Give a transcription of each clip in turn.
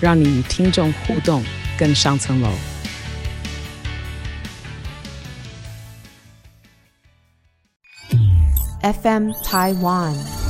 讓你與聽眾互動更上層樓。FM Taiwan。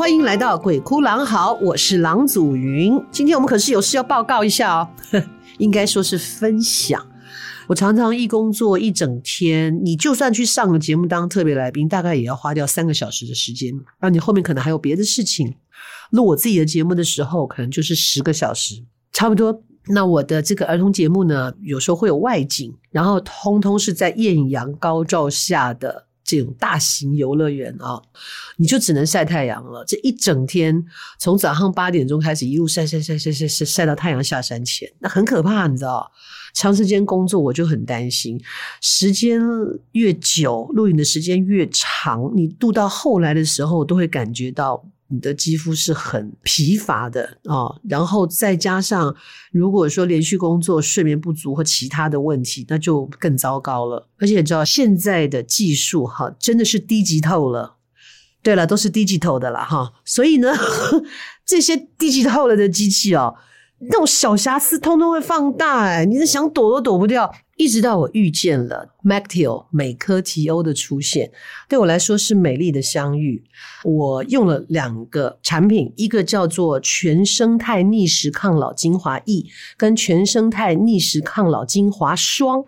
歡迎來到詭哭郎嚎，我是郎祖筠，今天我們可是有事要報告一下哦呵，應該說是分享。我常常一工作一整天，你就算去上個節目當特別來賓，大概也要花掉三個小時的時間。然後你後面可能還有別的事情。錄我自己的節目的時候，可能就是十個小時，差不多。那我的這個兒童節目呢，有時候會有外景，然後通通是在豔陽高照下的。這種大型遊樂園啊，你就只能曬太陽了。這一整天，從早上八點鐘開始，一路曬曬曬曬曬曬曬，曬，曬到太陽下山前，那很可怕啊，你知道？長時間工作，我就很擔心。時間越久，錄影的時間越長，你度到後來的時候，都會感覺到。你的肌膚是很疲乏的啊、哦，然後再加上如果說連續工作、睡眠不足或其他的問題，那就更糟糕了。而且你知道現在的技術哈，真的是 digital 了。對了，都是 digital 的了哈，所以呢，這些 digital 的機器哦，那種小瑕疵通通會放大，欸，哎，你是想躲都躲不掉。一直到我遇見了 McCTILL 美珂媞歐的出現，對我來說是美麗的相遇。我用了兩個產品，一個叫做全生態逆時抗老精華液，跟全生態逆時抗老精華霜。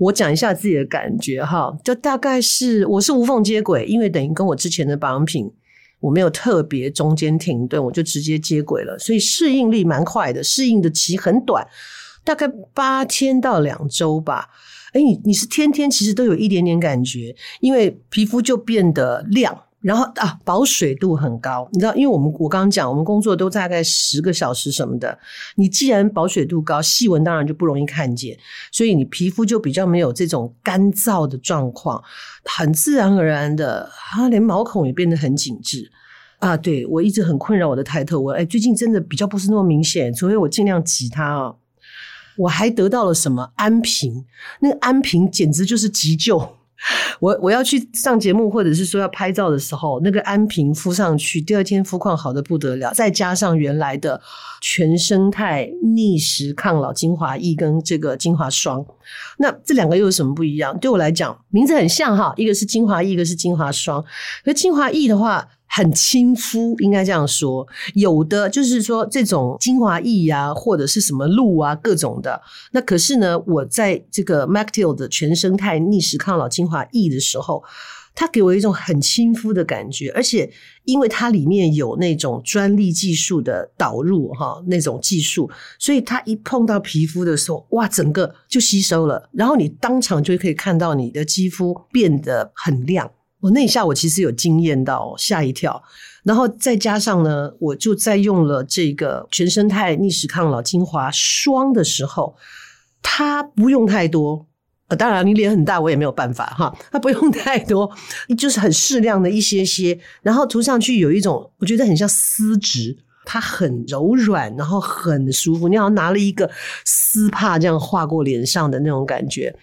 我講一下自己的感覺哈，就大概是我是無縫接軌，因為等於跟我之前的保養品，我沒有特別中間停頓，我就直接接軌了，所以適應力蠻快的，適應的期很短。大概八天到兩週吧。哎、欸，你你是天天其實都有一點點感覺，因為皮膚就變得亮，然後啊，保水度很高。你知道，因為我們我剛剛講，我們工作都大概十個小時什麼的。你既然保水度高，細紋當然就不容易看見，所以你皮膚就比較沒有這種乾燥的狀況，很自然而然的啊，它連毛孔也變得很緊緻啊。對我一直很困擾我的抬頭紋，哎、欸，最近真的比較不是那麼明顯，除非我盡量擠它哦。我還得到了什麼安瓶，那個安瓶簡直就是急救。我我要去上節目，或者是說要拍照的時候，那個安瓶敷上去，第二天膚況好的不得了。再加上原來的全生態逆時抗老精華液跟這個精華霜，那這兩個又有什麼不一樣？對我來講，名字很像哈，一個是精華液，一個是精華霜。而精華液的話。很親膚，應該這樣說。有的就是說這種精華液啊，或者是什麼露啊，各種的。那可是呢，我在這個 McCTILL 的全生態逆時抗老精華液的時候，它給我一種很親膚的感覺，而且因為它裡面有那種專利技術的導入哈，那種技術，所以它一碰到皮膚的時候，哇，整個就吸收了，然後你當場就可以看到你的肌膚變得很亮。我那一下我其實有驚艷到嚇一跳，然後再加上呢，我就在用了這個全生態逆時抗老精華霜的時候，它不用太多，呃，當然你臉很大我也沒有辦法哈，它不用太多，就是很適量的一些些，然後塗上去有一種我覺得很像絲質，它很柔軟，然後很舒服，你好像拿了一個絲帕這樣畫過臉上的那種感覺，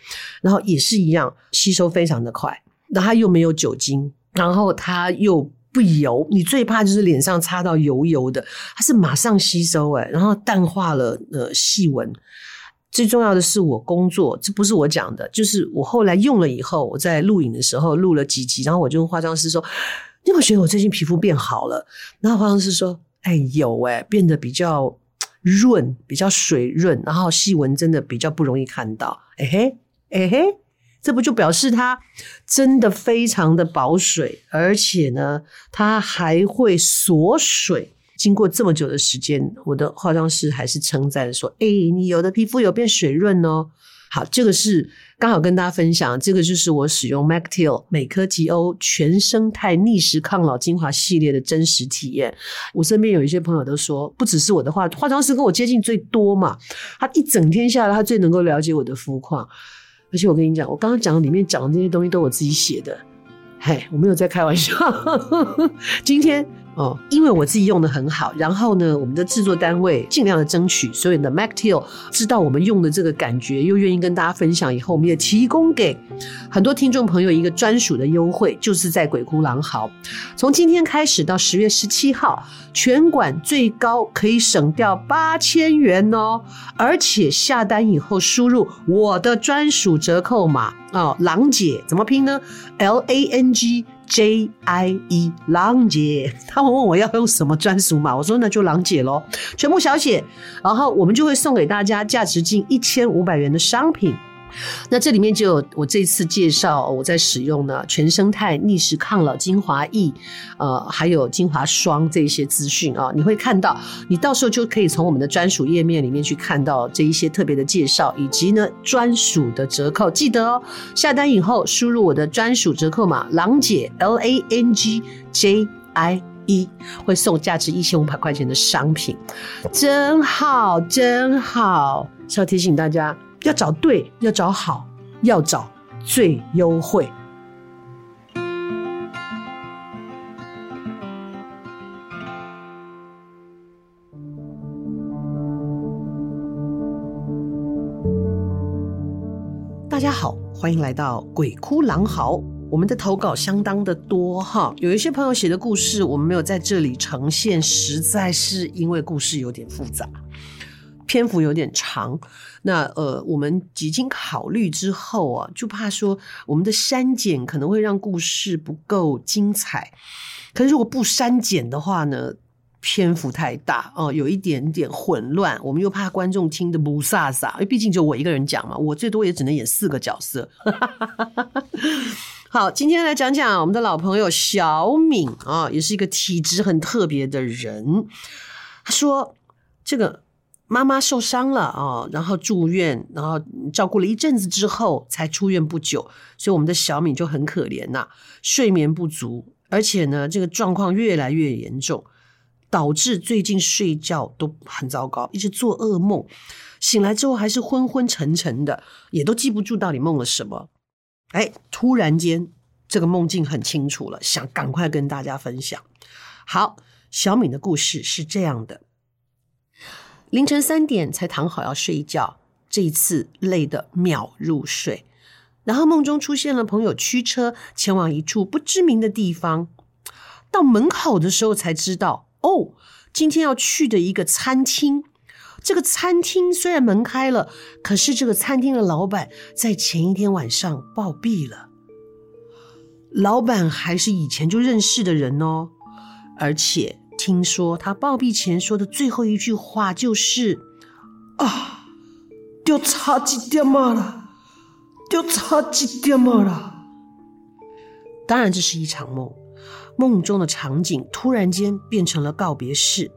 然後也是一樣吸收非常的快。然後他又沒有酒精，然後它又不油，你最怕就是臉上擦到油油的。它是馬上吸收誒，然後淡化了呃細紋。最重要的是我工作，這不是我講的，就是我後來用了以後，我在錄影的時候錄了幾集，然後我就跟化妝師說：“你有沒有覺得我最近皮膚變好了？”然後化妝師說：“哎呦，有誒，變得比較潤，比較水潤，然後細紋真的比較不容易看到。欸”誒嘿，誒、欸、嘿。這不就表示它真的非常的保水，而且呢，它還會鎖水。經過這麼久的時間，我的化妝師還是稱讚的說：“哎，你有的皮膚有變水潤哦。”好，這個是剛好跟大家分享，這個就是我使用 McCTILL 美珂媞歐全生態逆時抗老精華系列的真實體驗。我身邊有一些朋友都說，不只是我的化化妝師跟我接近最多嘛，他一整天下來，他最能夠了解我的膚況。而且我跟你講，我剛剛講裡面講的這些東西，都我自己寫的，嘿，我沒有在開玩笑，呵呵，今天。哦，因為我自己用的很好，然後呢，我們的製作單位盡量的爭取，所以呢 McCTILL 知道我們用的這個感覺，又願意跟大家分享。以後我們也提供給很多聽眾朋友一個專屬的優惠，就是在詭哭郎嚎，從今天開始到十月十七號，全館最高可以省掉八千元哦。而且下單以後輸入我的專屬折扣碼哦，郎姐怎麼拼呢？L A N G。J I E 郎姐，他們問我要用什麼專屬碼，我說，那就郎姐嘍，全部小寫，然後我們就會送給大家價值近一千五百元的商品。那這裡面就有我這次介紹我在使用呢，全生態逆時抗老精華液，呃，還有精華霜這些資訊啊、哦，你會看到，你到時候就可以從我們的專屬頁面裡面去看到這一些特別的介紹，以及呢專屬的折扣。記得哦，下單以後輸入我的專屬折扣碼“郎姐 ”L A N G J I E，會送價值一千五百塊錢的商品，真好真好。是要提醒大家。要找對，要找好，要找最優惠。大家好，歡迎來到《詭哭郎嚎》。我們的投稿相當的多哈，有一些朋友寫的故事我們沒有在這裡呈現，實在是因為故事有點複雜。篇幅有點長，那呃，我們幾經考慮之後啊，就怕說我們的刪減可能會讓故事不夠精彩，可是如果不刪減的話呢，篇幅太大哦，呃，有一點點混亂，我們又怕觀眾聽得不颯颯，因為畢竟就我一個人講嘛，我最多也只能演四個角色。 好，今天來講講我們的老朋友小敏啊，呃，也是一個體質很特別的人，她說這個。媽媽受傷了哦，然後住院，然後照顧了一陣子之後才出院不久，所以我們的小敏就很可憐吶、啊，睡眠不足，而且呢，這個狀況越來越嚴重，導致最近睡覺都很糟糕，一直做噩夢，醒來之後還是昏昏沉沉的，也都記不住到底夢了什麼。哎，突然間這個夢境很清楚了，想趕快跟大家分享。好，小敏的故事是這樣的。凌晨三點才躺好要睡覺，這一次累得秒入睡。然後夢中出現了朋友驅車前往一處不知名的地方，到門口的時候才知道，哦，今天要去的一個餐廳。這個餐廳雖然門開了，可是這個餐廳的老闆在前一天晚上暴斃了。老闆還是以前就認識的人哦，而且。聽說他暴斃前說的最後一句話就是：“啊，就差一點嘛了，就差一點嘛了。”當然，這是一場夢，夢中的場景突然間變成了告別式，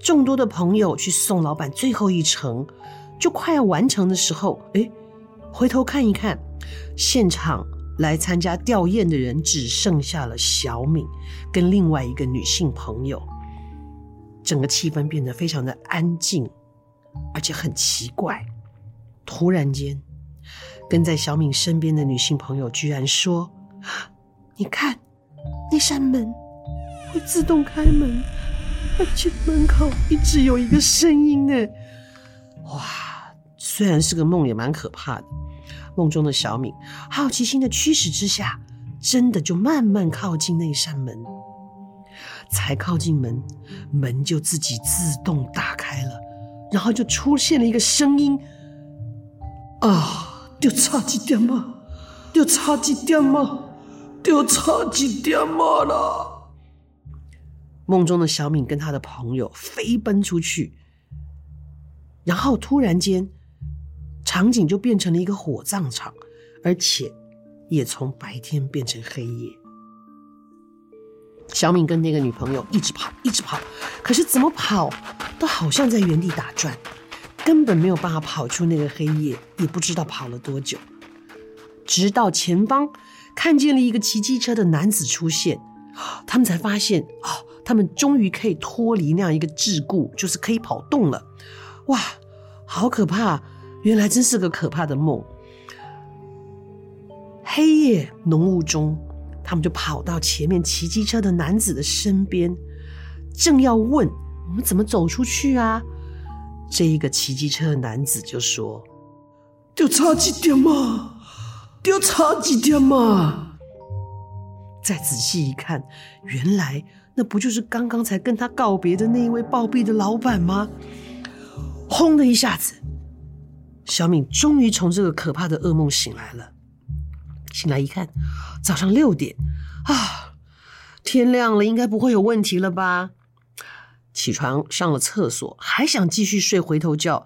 眾多的朋友去送老闆最後一程，就快要完成的時候，誒，回頭看一看現場。來參加弔唁的人只剩下了小敏跟另外一個女性朋友，整個氣氛變得非常的安靜，而且很奇怪。突然間，跟在小敏身邊的女性朋友居然說：“你看，那扇門會自動開門，而且門口一直有一個聲音。”哎，哇，雖然是個夢，也蠻可怕的。夢中的小敏，好奇心的驅使之下，真的就慢慢靠近那一扇門。才靠近門，門就自己自動打開了，然後就出現了一個聲音：“啊、哦，就差一點嘛，就差一點嘛，就差一點嘛啦！”夢中的小敏跟她的朋友飛奔出去，然後突然間。場景就變成了一個火葬場，而且也從白天變成黑夜。小敏跟那個女朋友一直跑，一直跑，可是怎麼跑都好像在原地打轉，根本沒有辦法跑出那個黑夜。也不知道跑了多久，直到前方看見了一個騎機車的男子出現，他們才發現哦，他們終於可以脫離那樣一個桎梏，就是可以跑動了。哇，好可怕！原來真是個可怕的夢。黑夜濃霧中，他們就跑到前面騎機車的男子的身邊，正要問我們怎麼走出去啊，這一個騎機車的男子就說：“要差幾點嘛、啊，要差幾點嘛。”再仔細一看，原來那不就是剛剛才跟他告別的那一位暴斃的老闆嗎？轟的一下子。 小敏終於從這個可怕的噩夢醒來了。醒來一看，早上六點，啊，天亮了，應該不會有問題了吧？起床上了廁所，還想繼續睡回頭覺，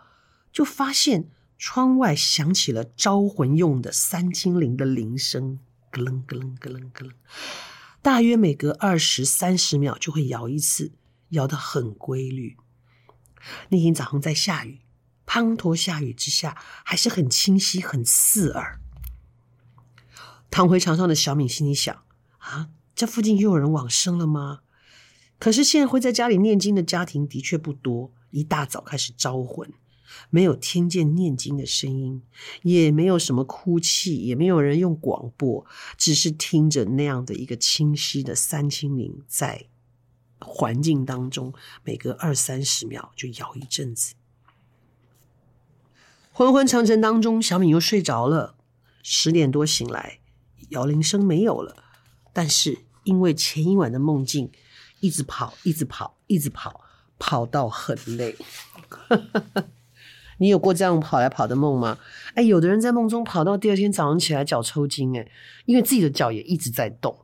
就發現窗外響起了招魂用的三清鈴的鈴聲，咯楞咯楞咯楞咯楞，大約每隔二十三十秒就會搖一次，搖得很規律。那天早上在下雨。滂沱下雨之下，還是很清晰、很刺耳。躺回床上的小敏心裡想：啊，這附近又有人往生了嗎？可是現在會在家裡念經的家庭的確不多。一大早開始招魂，沒有聽見念經的聲音，也沒有什麼哭泣，也沒有人用廣播，只是聽着那樣的一個清晰的三清鈴，在環境當中，每隔二三十秒就搖一陣子。昏昏沉沉當中，小敏又睡着了。十點多醒來，搖鈴聲沒有了。但是因為前一晚的夢境，一直跑，一直跑，一直跑，跑到很累。 你有過這樣跑來跑的夢嗎？哎，有的人在夢中跑到第二天早上起來腳抽筋，哎，因為自己的腳也一直在動。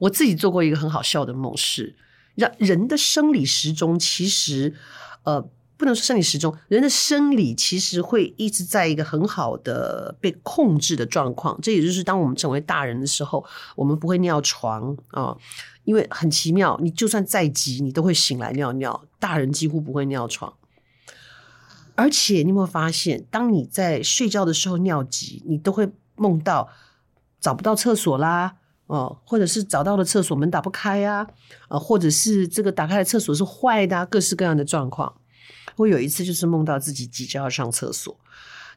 我自己做過一個很好笑的夢，是讓人的生理時鐘其實，呃。不能說生理時鐘，人的生理其實會一直在一個很好的被控制的狀況。這也就是當我們成為大人的時候，我們不會尿床啊、呃，因為很奇妙，你就算再急，你都會醒來尿尿。大人幾乎不會尿床，而且你有沒有發現，當你在睡覺的時候尿急，你都會夢到找不到廁所啦，哦、呃，或者是找到了廁所門打不開啊，啊、呃，或者是這個打開的廁所是壞的，啊，各式各樣的狀況。我有一次就是夢到自己急著要上廁所，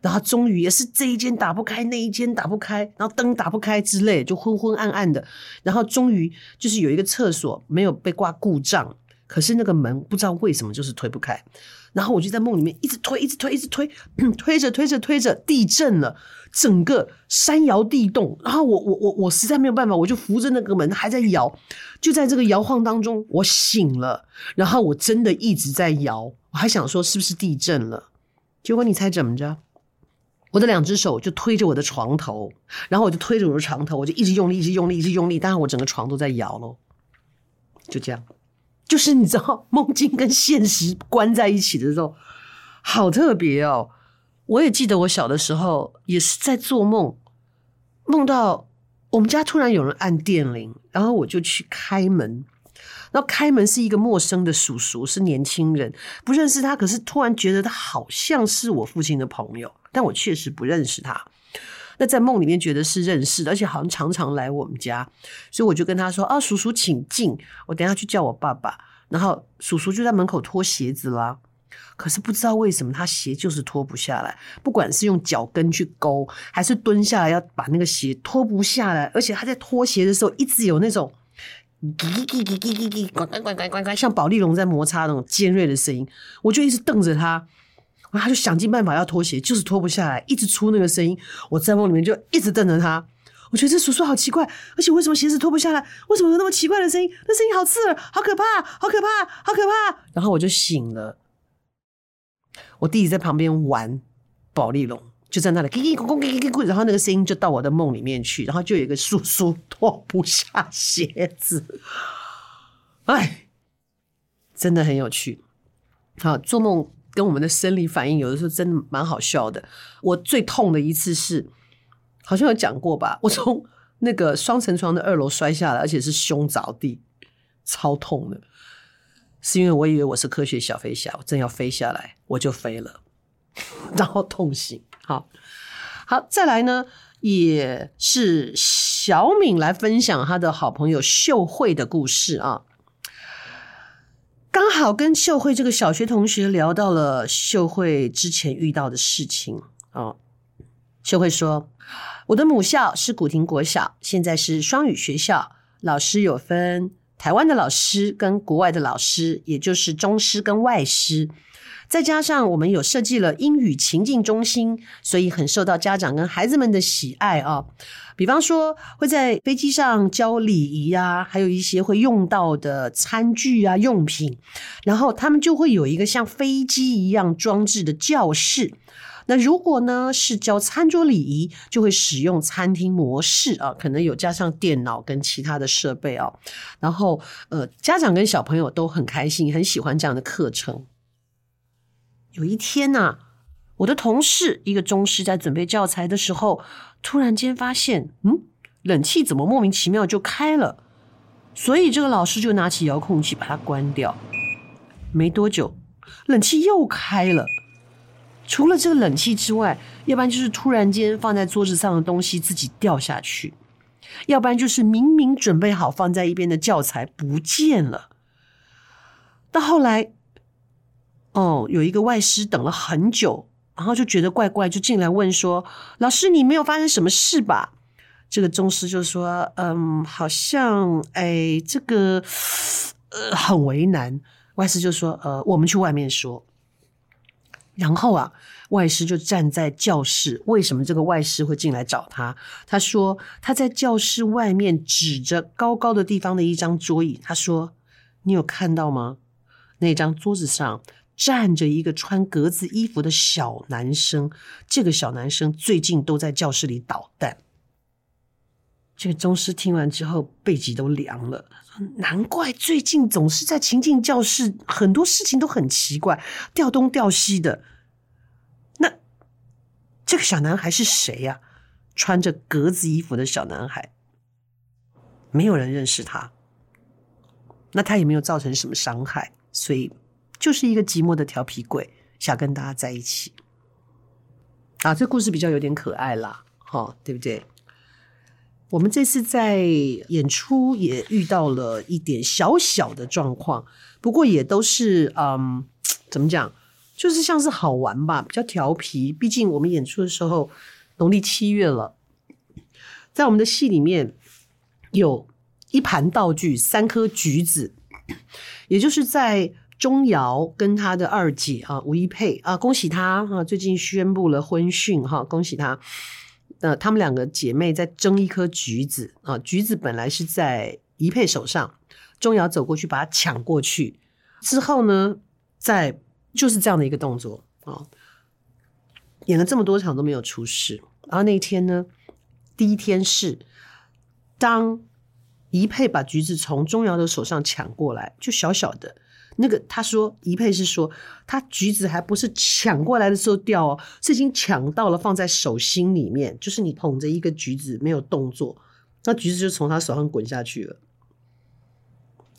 然後終於也是這一間打不開，那一間打不開，然後燈打不開之類，就昏昏暗暗的。然後終於就是有一個廁所沒有被掛故障，可是那個門不知道為什麼就是推不開。然後我就在夢裡面一直推，一直推，一直推，推着推着推着地震了，整個山搖地動。然後我我我我實在沒有辦法，我就扶着那個門還在搖。就在這個搖晃當中，我醒了。然後我真的一直在搖。我還想說是不是地震了？結果你猜怎麼着？我的兩隻手就推着我的床頭，然後我就推着我的床頭，我就一直用力，一直用力，一直用力。當然，我整個床都在搖咯。就這樣，就是你知道，夢境跟現實關在一起的時候，好特別哦。我也記得我小的時候也是在做夢，夢到我們家突然有人按電鈴，然後我就去開門。然後開門是一個陌生的叔叔，是年輕人，不認識他，可是突然覺得他好像是我父親的朋友，但我確實不認識他。那在夢裡面覺得是認識的，而且好像常常來我們家，所以我就跟他說：“啊，叔叔請進，我等下去叫我爸爸。”然後叔叔就在門口脫鞋子啦，可是不知道為什麼他鞋就是脫不下來，不管是用腳跟去勾，還是蹲下來要把那個鞋脫不下來，而且他在脫鞋的時候一直有那種。嘰嘰嘰嘰嘰嘰嘰，呱，像寶麗龍在摩擦那種尖銳的聲音，我就一直瞪着他，然後他就想盡辦法要脫鞋，就是脫不下來，一直出那個聲音，我在夢裡面就一直瞪着他，我覺得這叔叔好奇怪，而且為什麼鞋子脫不下來，為什麼有那麼奇怪的聲音？那聲音好刺耳，好可怕，好可怕，好可怕，然後我就醒了，我弟弟在旁邊玩寶麗龍。就在那裡，嘰嘰咕咕，嘰嘰咕咕，然後那個聲音就到我的夢裡面去，然後就有一個叔叔脫不下鞋子，哎，真的很有趣。好，做夢跟我們的生理反應有的時候真的蠻好笑的。我最痛的一次是，好像有講過吧？我從那個雙層床的二樓摔下來，而且是胸着地，超痛的。是因為我以為我是科學小飛俠，我正要飛下來，我就飛了， 然後痛醒。好好，再來呢，也是小敏來分享他的好朋友秀慧的故事啊。剛好跟秀慧這個小學同學聊到了秀慧之前遇到的事情，哦，秀慧說：“我的母校是古亭國小，現在是雙語學校，老師有分台灣的老師跟國外的老師，也就是中師跟外師。”再加上我們有設計了英語情境中心，所以很受到家長跟孩子們的喜愛啊。比方說，會在飛機上教禮儀啊，還有一些會用到的餐具啊用品、然後他們就會有一個像飛機一樣裝置的教室。那如果呢，是教餐桌禮儀，就會使用餐廳模式啊，可能有加上電腦跟其他的設備啊。然後呃，家長跟小朋友都很開心，很喜歡這樣的課程。有一天吶、啊，我的同事一個中師在準備教材的時候，突然間發現，嗯，冷氣怎麼莫名其妙就開了？所以這個老師就拿起遙控器把它關掉。沒多久，冷氣又開了。除了這個冷氣之外，要不然就是突然間放在桌子上的東西自己掉下去，要不然就是明明準備好放在一邊的教材不見了。到後來。哦，有一個外師等了很久，然後就覺得怪怪，就進來問說：“老師，你沒有發生什麼事吧？”這個中師就說：“嗯，好像……哎，這個……呃，很為難。”外師就說：“呃，我們去外面說。”然後啊，外師就站在教室。為什麼這個外師會進來找他？他說：“他在教室外面指着高高的地方的一張桌椅，他說：‘你有看到嗎？那張桌子上……’”站着一個穿格子衣服的小男生，這個小男生最近都在教室裡搗蛋。這個中師聽完之後背脊都涼了，難怪最近總是在情境教室，很多事情都很奇怪，掉東掉西的。那這個小男孩是誰呀？穿着格子衣服的小男孩，沒有人認識他，那他也沒有造成什麼傷害，所以。就是一個寂寞的調皮鬼，想跟大家在一起啊！這故事比較有點可愛啦，哈、哦，對不對？我們這次在演出也遇到了一點小小的狀況，不過也都是嗯，怎麼講，就是像是好玩吧，比較調皮。畢竟我們演出的時候，農曆七月了，在我們的戲裡面有一盤道具，三顆橘子，也就是在。鍾瑤跟她的二姐啊吳一佩啊，恭喜她啊！最近宣布了婚訊哈、啊，恭喜她。那、呃、他們兩個姐妹在爭一顆橘子啊，橘子本來是在一佩手上，鍾瑤走過去把它搶過去之後呢，在就是這樣的一個動作啊，演了這麼多場都沒有出事，然後那天呢，第一天是當一佩把橘子從鍾瑤的手上搶過來，就小小的。那個他說，一佩是說，他橘子還不是搶過來的時候掉哦，是已經搶到了放在手心裡面，就是你捧着一個橘子沒有動作，那橘子就從他手上滾下去了。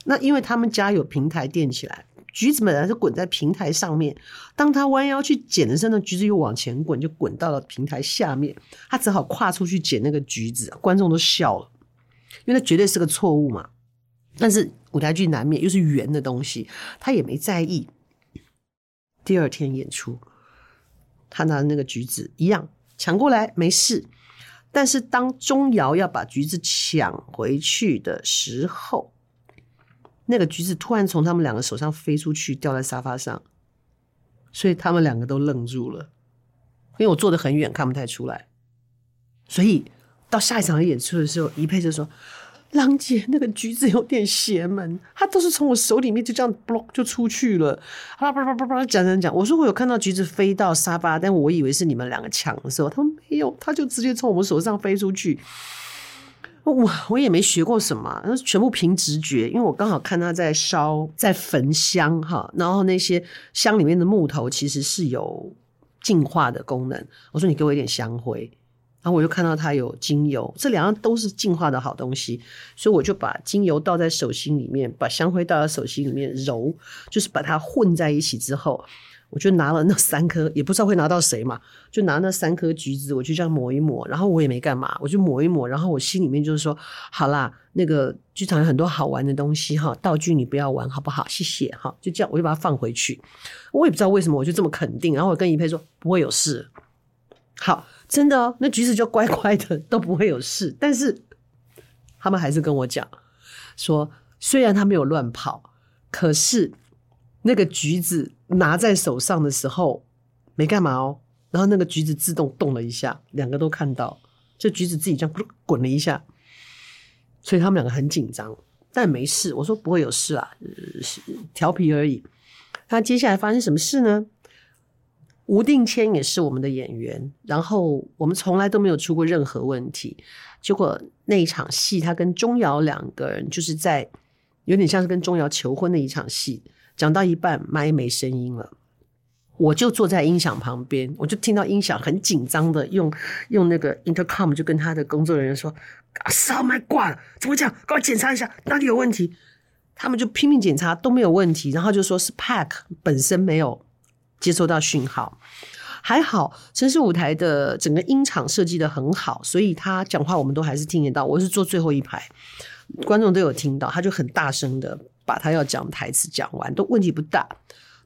那因為他們家有平台墊起來，橘子本來是滾在平台上面，當他彎腰去撿的時候，那橘子又往前滾，就滾到了平台下面，他只好跨出去撿那個橘子，觀眾都笑了，因為那絕對是個錯誤嘛。但是舞台劇難免又是圓的東西，他也沒在意。第二天演出，他拿那個橘子一樣搶過來，沒事。但是當鍾瑤要把橘子搶回去的時候，那個橘子突然從他們兩個手上飛出去，掉在沙發上，所以他們兩個都愣住了。因為我坐得很遠，看不太出來。所以到下一場演出的時候，一佩就說。郎姐，那個橘子有點邪門，它都是從我手裡面就這樣 block 就出去了。叭叭叭叭叭，講講講，我說我有看到橘子飛到沙發，但我以為是你們兩個搶的時候，他們沒有，他就直接從我們手上飛出去。我我也沒學過什麼，全部憑直覺。因為我剛好看他在燒，在焚香哈，然後那些香裡面的木頭其實是有淨化的功能。我說你給我一點香灰。然後我就看到它有精油，這兩樣都是淨化的好東西，所以我就把精油倒在手心裡面，把香灰倒在手心裡面揉，就是把它混在一起之後，我就拿了那三顆，也不知道會拿到誰嘛，就拿那三顆橘子，我就這樣抹一抹，然後我也沒幹嘛，我就抹一抹，然後我心裡面就是說，好啦，那個劇場有很多好玩的東西哈，道具你不要玩好不好？謝謝哈，就這樣，我就把它放回去，我也不知道為什麼我就這麼肯定，然後我跟一佩說不會有事，好。真的哦，那橘子就乖乖的，都不會有事，但是他們還是跟我講說，雖然他沒有亂跑，可是那個橘子拿在手上的時候沒幹嘛哦，然後那個橘子自動動了一下，兩個都看到，就橘子自己這樣咕、呃、滾了一下，所以他們兩個很緊張，但沒事，我說不會有事啊，呃、調皮而已。那、啊、接下來發生什麼事呢？吳定謙也是我們的演員，然後我們從來都沒有出過任何問題。結果那一場戲，他跟鍾瑤兩個人就是在有點像是跟鍾瑤求婚的一場戲，講到一半，麥沒聲音了。我就坐在音響旁邊，我就聽到音響很緊張的用用那個 intercom 就跟他的工作人員說：“啊，燒麥掛了，怎麼講？給我檢查一下，哪裡有問題？”他們就拼命檢查，都沒有問題，然後就說是 pack 本身沒有。接收到訊號，還好，城市舞台的整個音場設計的很好，所以他講話我們都還是聽得到。我是坐最後一排，觀眾都有聽到，他就很大聲的把他要講台詞講完，都問題不大。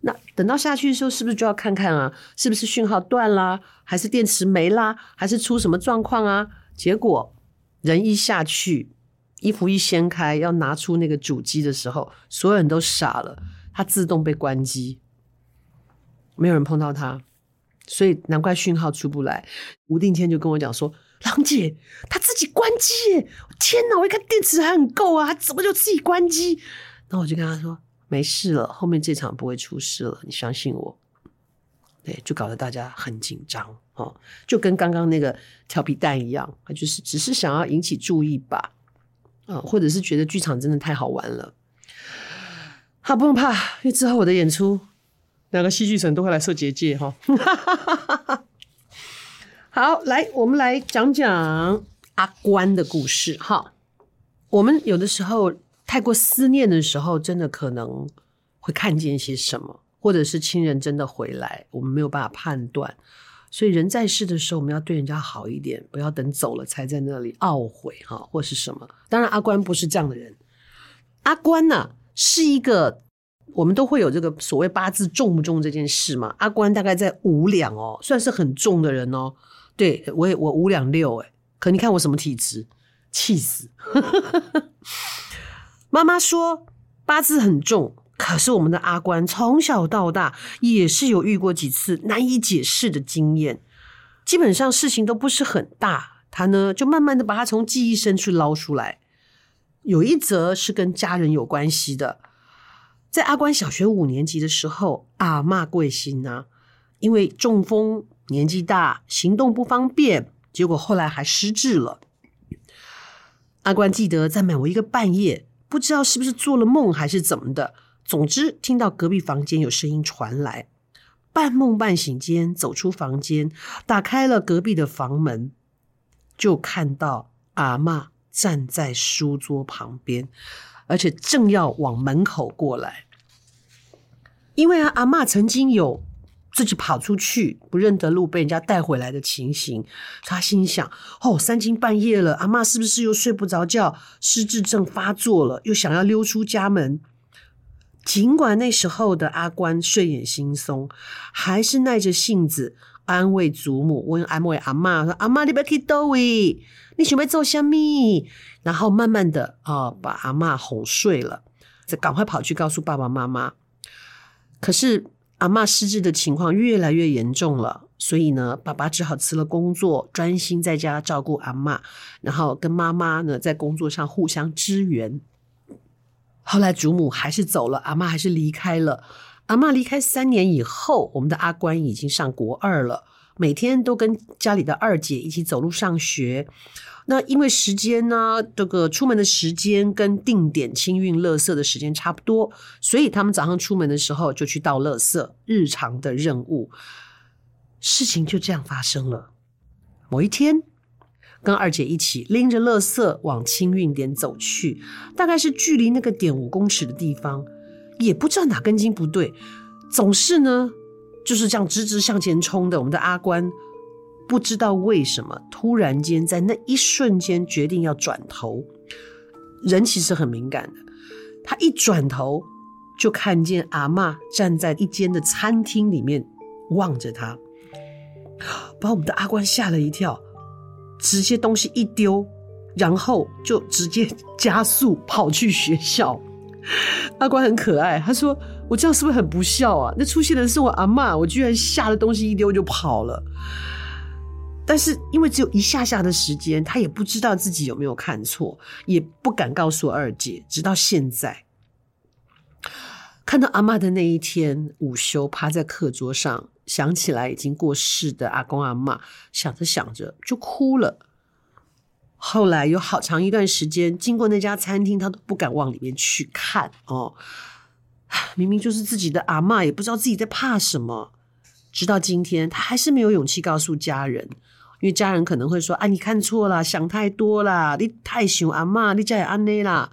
那等到下去的時候，是不是就要看看啊，是不是訊號斷啦，還是電池沒啦，還是出什麼狀況啊？結果人一下去，衣服一掀開，要拿出那個主機的時候，所有人都傻了，它自動被關機。沒有人碰到他，所以難怪訊號出不來。吳定謙就跟我講說：“郎姐，他自己關機耶！天吶，我一看電池還很夠啊，他怎麼就自己關機？”然後我就跟他說：“沒事了，後面這場不會出事了，你相信我。”對，就搞得大家很緊張哦，就跟剛剛那個調皮蛋一樣，他就是只是想要引起注意吧，啊、哦，或者是覺得劇場真的太好玩了。好、啊，不用怕，因為之後我的演出。兩個戲劇神都會來設結界哈！ 好，來我們來講講阿關的故事。哈，我們有的時候太過思念的時候，真的可能會看見一些什麼，或者是親人真的回來，我們沒有辦法判斷。所以人在世的時候，我們要對人家好一點，不要等走了才在那裡懊悔哈，或是什麼。當然，阿關不是這樣的人。阿關呢、啊，是一個。我們都會有這個所謂八字重不重這件事嘛？阿官大概在五兩哦，算是很重的人哦。對，我也我五兩六誒。可你看我什麼體質？氣死！ 媽媽說八字很重，可是我們的阿官從小到大也是有遇過幾次難以解釋的經驗，基本上事情都不是很大。他呢，就慢慢的把他從記憶深處撈出來，有一則是跟家人有關係的。在阿關小學五年級的時候，阿嬤貴姓呢、啊，因為中風，年紀大，行動不方便，結果後來還失智了。阿關記得在每一個半夜，不知道是不是做了夢還是怎麼的，總之聽到隔壁房間有聲音傳來，半夢半醒間走出房間，打開了隔壁的房門，就看到阿嬤站在書桌旁邊。而且正要往門口過來，因為啊，阿嬤曾經有自己跑出去不認得路被人家帶回來的情形，他心想：哦，三更半夜了，阿嬤是不是又睡不着覺，失智症發作了，又想要溜出家門？儘管那時候的 ㄚ 官睡眼惺忪，還是耐着性子。安慰祖母，問安慰阿媽說：“阿媽，你別去叨位，你喜歡做啥物？”然後慢慢的啊、哦，把阿媽哄睡了，趕快跑去告訴爸爸媽媽。可是阿媽失智的情況越來越嚴重了，所以呢，爸爸只好辭了工作，專心在家照顧阿媽，然後跟媽媽呢在工作上互相支援。後來祖母還是走了，阿媽還是離開了。阿嬤離開三年以後，我們的阿官已經上國二了，每天都跟家裡的二姐一起走路上學。那因為時間呢，這個出門的時間跟定點清運垃圾的時間差不多，所以他們早上出門的時候就去倒垃圾，日常的任務。事情就這樣發生了。某一天，跟二姐一起拎着垃圾往清運點走去，大概是距離那個點五公尺的地方。也不知道哪根筋不對，總是呢就是這樣直直向前衝的。我們的 ㄚ 官不知道為什麼，突然間在那一瞬間決定要轉頭。人其實很敏感的，他一轉頭就看見阿嬤站在一間的餐廳裡面望着他，把我們的 ㄚ 官嚇了一跳，直接東西一丟，然後就直接加速跑去學校。阿官很可愛，他說：“我這樣是不是很不孝啊？那出現的是我阿嬤，我居然嚇得東西一丟就跑了。但是因為只有一下下的時間，他也不知道自己有沒有看錯，也不敢告訴我二姐。直到現在，看到阿嬤的那一天，午休趴在課桌上，想起來已經過世的阿公阿嬤，想着想着就哭了。”後來有好長一段時間，經過那家餐廳，他都不敢往裡面去看哦。明明就是自己的阿嬤，也不知道自己在怕什麼。直到今天，他還是沒有勇氣告訴家人，因為家人可能會說：“啊，你看錯了，想太多了，你太想阿嬤，你才會安內啦。”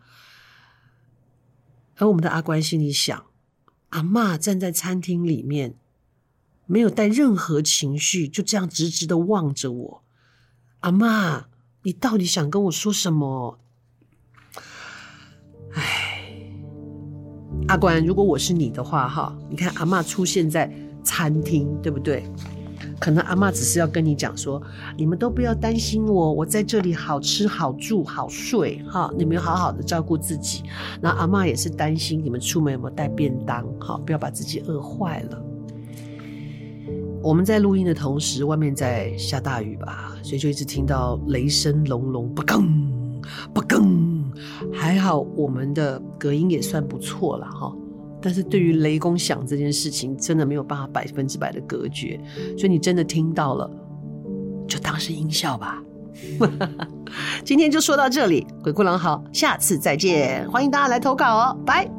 而我們的 ㄚ 官心裡想：“阿嬤站在餐廳裡面，沒有帶任何情緒，就這樣直直的望着我。阿嬤。”你到底想跟我說什麼？哎，阿官，如果我是你的話，哈，你看阿嬤出現在餐廳，對不對？可能阿嬤只是要跟你講說，你們都不要擔心我，我在這裡好吃好住好睡哈，你們要好好的照顧自己。那阿嬤也是擔心你們出門有沒有帶便當？哈，不要把自己餓壞了。我們在錄音的同時，外面在下大雨吧，所以就一直聽到雷聲隆隆，不更不更。還好我們的隔音也算不錯了哈，但是對於雷公響這件事情，真的沒有辦法百分之百的隔絕，所以你真的聽到了，就當是音效吧。 今天就說到這裡，詭哭郎嚎，下次再見，歡迎大家來投稿哦，拜。